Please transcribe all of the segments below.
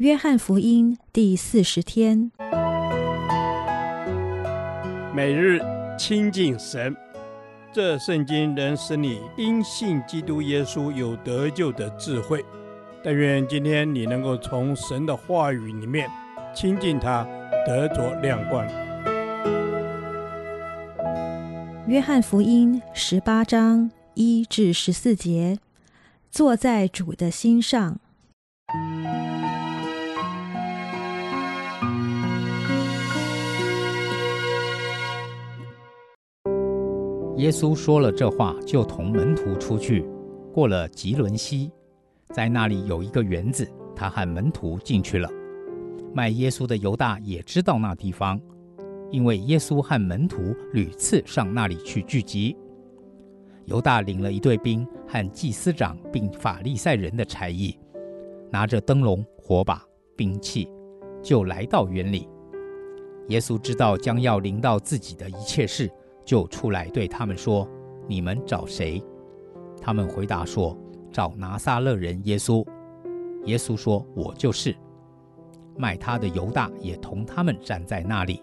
約翰福音第四十天，每日親近神，這聖經能使你因信基督耶穌有得救的智慧。但願今天你能夠從神的話語裡面親近他，得着亮光。約翰福音十八章一至十四節，做在主的心上。耶穌說了這話，就同門徒出去，過了汲淪溪，在那裡有一個園子，他和門徒進去了。賣耶穌的猶大也知道那地方，因為耶穌和門徒屢次上那裡去聚集。猶大領了一隊兵和祭司長並法利賽人的差役，拿着燈籠、火把、兵器，就來到園裡。耶穌知道將要臨到自己的一切事。就出來對他們說：“你們找誰？”他們回答說：“找拿撒勒人耶穌。”耶穌說：“我就是。”賣他的猶大也同他們站在那裡。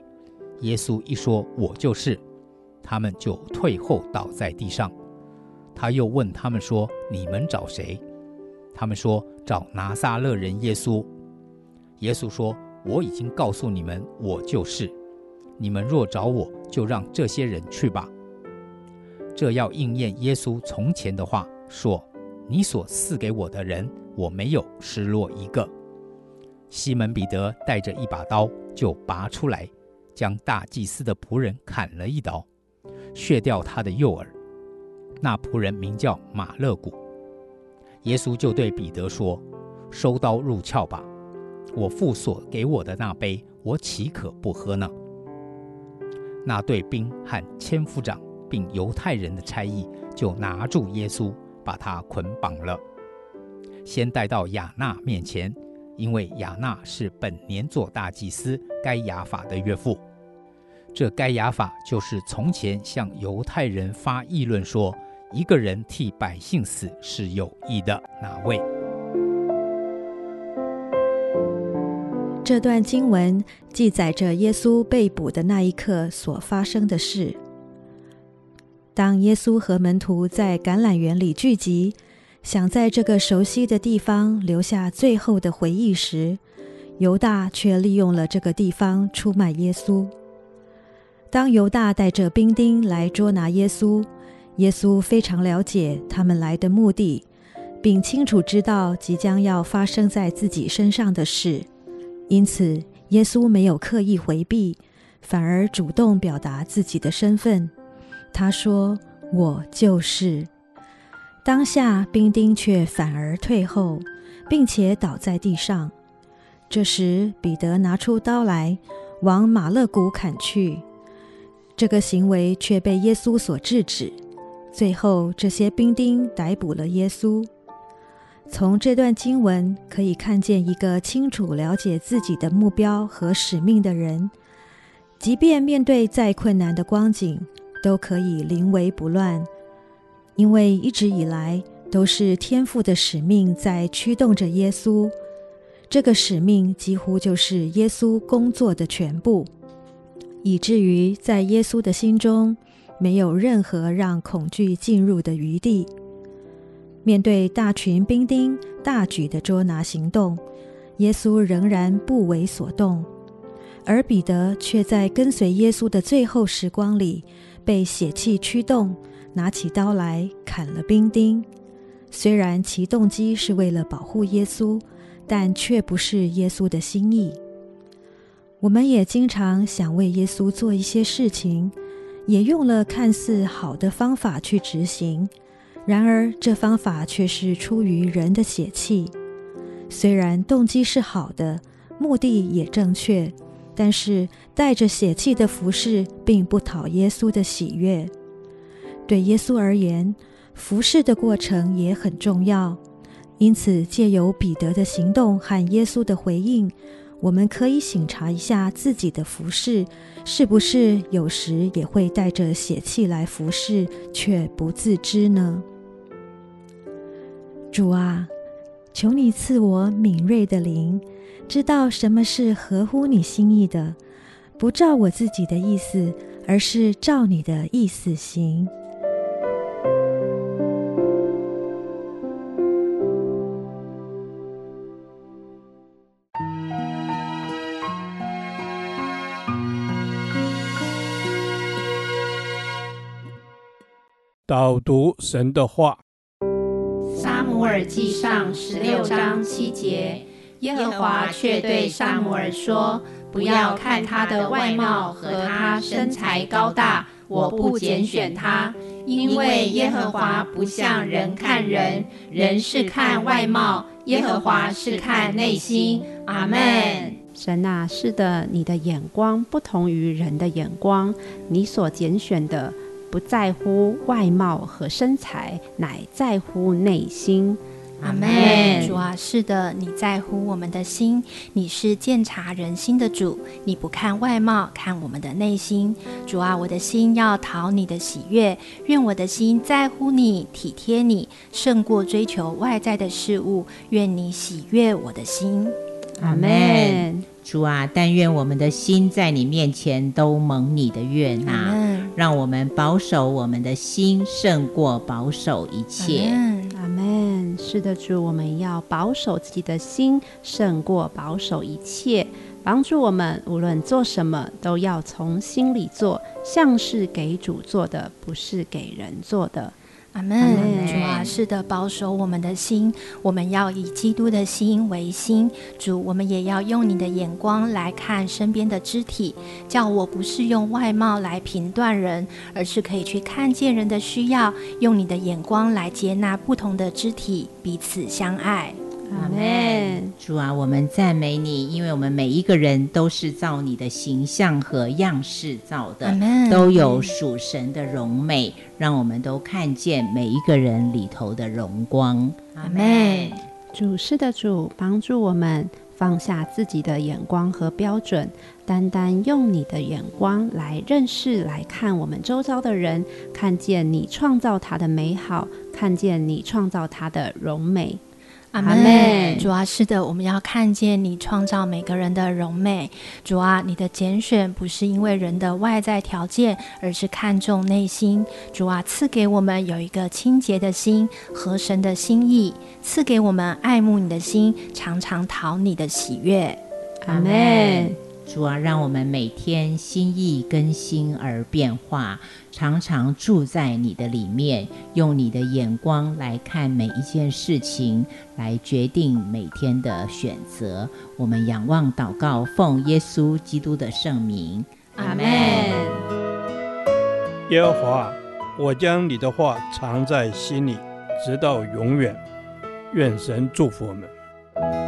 耶穌一說：“我就是”，他們就退後倒在地上。他又問他們說：“你們找誰？”他們說：“找拿撒勒人耶穌。”耶穌說：“我已經告訴你們，我就是。你們若找我，”就讓這些人去吧。這要應驗耶穌從前的話，說：“你所賜給我的人，我沒有失落一個。”西門彼得帶着一把刀，就拔出來，將大祭司的僕人砍了一刀，削掉他的右耳。那僕人名叫馬勒古。耶穌就對彼得說：“收刀入鞘吧。我父所給我的那杯，我豈可不喝呢？”那隊兵和千夫長並猶太人的差役就拿住耶穌，把他捆綁了，先帶到亞那面前，因為亞那是本年做大祭司該亞法的岳父。這該亞法就是從前向猶太人發議論說，一個人替百姓死是有益的哪位？這段經文記載着耶穌被捕的那一刻所發生的事。當耶穌和門徒在橄欖園裡聚集，想在這個熟悉的地方留下最後的回憶時，猶大卻利用了這個地方出賣耶穌。當猶大帶着兵丁來捉拿耶穌，耶穌非常了解他們來的目的，並清楚知道即將要發生在自己身上的事。因此，耶穌沒有刻意回避，反而主動表達自己的身份。他說：“我就是。”當下，兵丁卻反而退後，並且倒在地上。這時，彼得拿出刀來，往馬勒古砍去。這個行為卻被耶穌所制止。最後，這些兵丁逮捕了耶穌。從這段經文可以看見，一個清楚了解自己的目標和使命的人，即便面對再困難的光景，都可以臨危不亂。因為一直以來都是天父的使命在驅動着耶穌，這個使命幾乎就是耶穌工作的全部，以至於在耶穌的心中，沒有任何讓恐懼進入的餘地。面對大群兵丁大舉的捉拿行動，耶穌仍然不為所動，而彼得卻在跟隨耶穌的最後時光裡被血氣驅動，拿起刀來砍了兵丁。雖然其動機是為了保護耶穌，但卻不是耶穌的心意。我們也經常想為耶穌做一些事情，也用了看似好的方法去執行。然而，這方法卻是出於人的血氣。雖然動機是好的，目的也正確，但是帶着血氣的服侍並不討耶穌的喜悅。對耶穌而言，服侍的過程也很重要。因此，借由彼得的行動和耶穌的回應，我們可以省察一下自己的服侍，是不是有時也會帶着血氣來服侍，卻不自知呢？主啊，求你賜我敏銳的靈，知道什麼是合乎你心意的，不照我自己的意思，而是照你的意思行。導讀神的話。撒母耳記上十六章七節，耶和華卻對撒母耳說：“不要看他的外貌和他身材高大，我不揀選他，因為耶和華不像人看人，人是看外貌，耶和華是看內心。阿”阿門。神吶、啊，是的，你的眼光不同於人的眼光，你所揀選的。不在乎外貌和身材，乃在乎內心。阿門。主啊，是的，你在乎我們的心，你是鑒察人心的主。你不看外貌，看我們的內心。主啊，我的心要討你的喜悅，願我的心在乎你，體貼你，勝過追求外在的事物。願你喜悅我的心。阿門 Amen。主啊，但願我們的心在你面前都蒙你的悅納、啊。讓我們保守我們的心勝過保守一切。阿門。阿門。是的，主，我們要保守自己的心勝過保守一切。幫助我們，無論做什麼都要從心裡做，像是給主做的，不是給人做的。阿們。阿們。主啊，是的，保守我們的心，我們要以基督的心為心。主，我們也要用你的眼光來看身邊的肢體，叫我不是用外貌來評斷人，而是可以去看見人的需要，用你的眼光來接納不同的肢體，彼此相愛。阿妹 Amen 主啊，我們讚美你，因為我們每一個人都是照你的形象和樣式造的，Amen 都有屬神的榮美，讓我們都看見每一個人裡頭的榮光。阿們 Amen 主，是的，主，幫助我們放下自己的眼光和標準，單單用你的眼光來認識、來看我們周遭的人，看見你創造他的美好，看見你創造他的榮美。阿們，Amen Amen 主啊，是的，我們要看見你創造每個人的榮美。主啊，你的揀選不是因為人的外在條件，而是看重內心。主啊，賜給我們有一個清潔的心和神的心意，賜給我們愛慕你的心，常常討你的喜悅。阿們。主啊，讓我們每天心意更新而變化，常常住在你的裡面，用你的眼光來看每一件事情，來決定每天的選擇。我們仰望禱告，奉耶穌基督的聖名，阿門 Amen。耶和華，我將你的話藏在心裡，直到永遠。願神祝福我們。